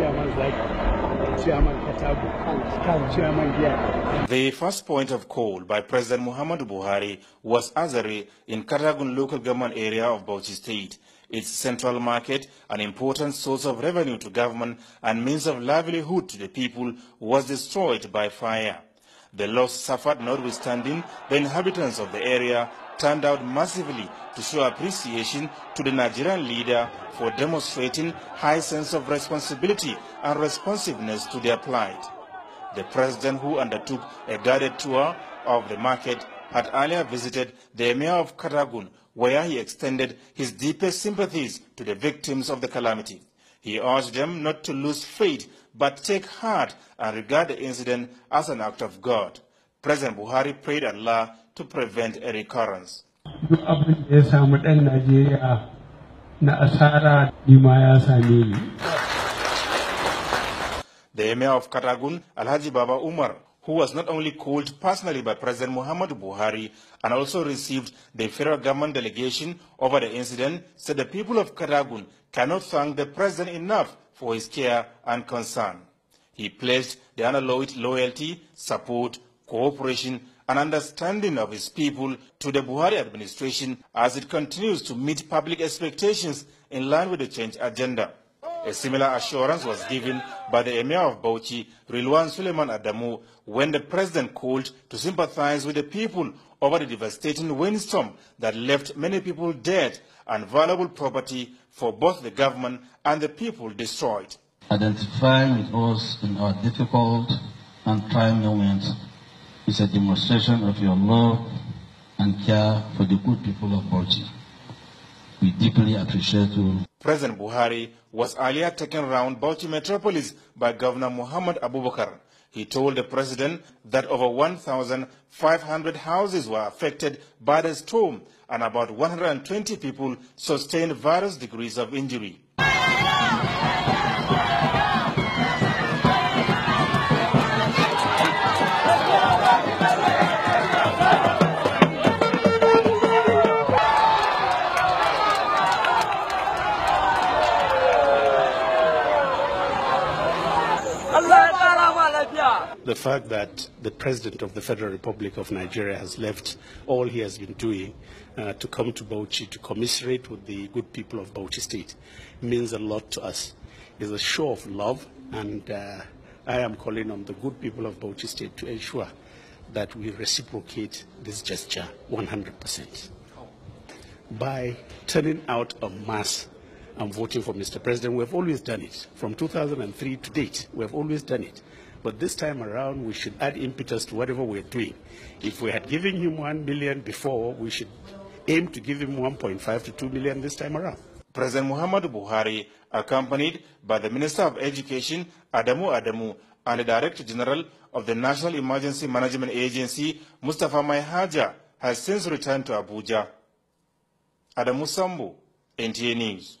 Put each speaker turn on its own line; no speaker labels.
Chairman Katabu, Chairman
The first point of call by President Muhammadu Buhari was Azare in Karagun local government area of Bauchi State. Its central market, an important source of revenue to government and means of livelihood to the people, was destroyed by fire. The loss suffered notwithstanding, the inhabitants of the area turned out massively to show appreciation to the Nigerian leader for demonstrating high sense of responsibility and responsiveness to their plight. The president who undertook a guided tour of the market had earlier visited the emir of Karagun, where he extended his deepest sympathies to the victims of the calamity. He urged them not to lose faith, but take heart and regard the incident as an act of God. President Buhari prayed Allah to prevent a recurrence.
Duk ya samu ɗan Najeriya na asara ya same ni.
The Emir of Katagun, Alhaji Baba Umar, who was not only called personally by President Muhammad Buhari and also received the federal government delegation over the incident, said the people of Karagun cannot thank the president enough for his care and concern. He pledged the unalloyed loyalty, support, cooperation, and understanding of his people to the Buhari administration as it continues to meet public expectations in line with the change agenda. A similar assurance was given by the Emir of Bauchi, Rilwan Suleiman Adamu, when the president called to sympathize with the people over the devastating windstorm that left many people dead and valuable property for both the government and the people destroyed. Identifying with us in our difficult and trying moments is a demonstration of your love and care for the good people of Bauchi. We deeply appreciate you. President Buhari was earlier taken around Bauchi metropolis by Governor Muhammad Abubakar. He told the president that over 1,500 houses were affected by the storm and about 120 people sustained various degrees of injury.
The fact that the President of the Federal Republic of Nigeria has left all he has been doing uh, to come to Bauchi to commiserate with the good people of Bauchi State means a lot to us. It's a show of love, and uh, I am calling on the good people of Bauchi State to ensure that we reciprocate this gesture 100% by turning out a mass I'm voting for Mr. President. We've always done it. From 2003 to date, we've always done it. But this time around, we should add impetus to whatever we're
doing. If we had given him 1 million before, we should aim to give him 1.5 to 2 million this time around. President Muhammadu Buhari, accompanied by the Minister of Education, Adamu Adamu, and the Director General of the National Emergency Management Agency, Mustafa Maihaja, has since returned to Abuja. Adamu Sambu, NTA News.